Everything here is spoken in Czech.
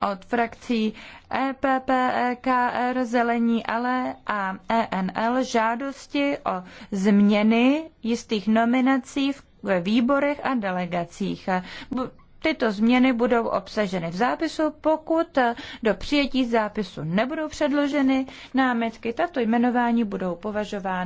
od frakcí EPP, EKR, Zelení ale a ENL žádosti o změny jistých nominací ve výborech a delegacích. Tyto změny budou obsaženy v zápisu, pokud do přijetí zápisu nebudou předloženy námitky, tato jmenování budou považována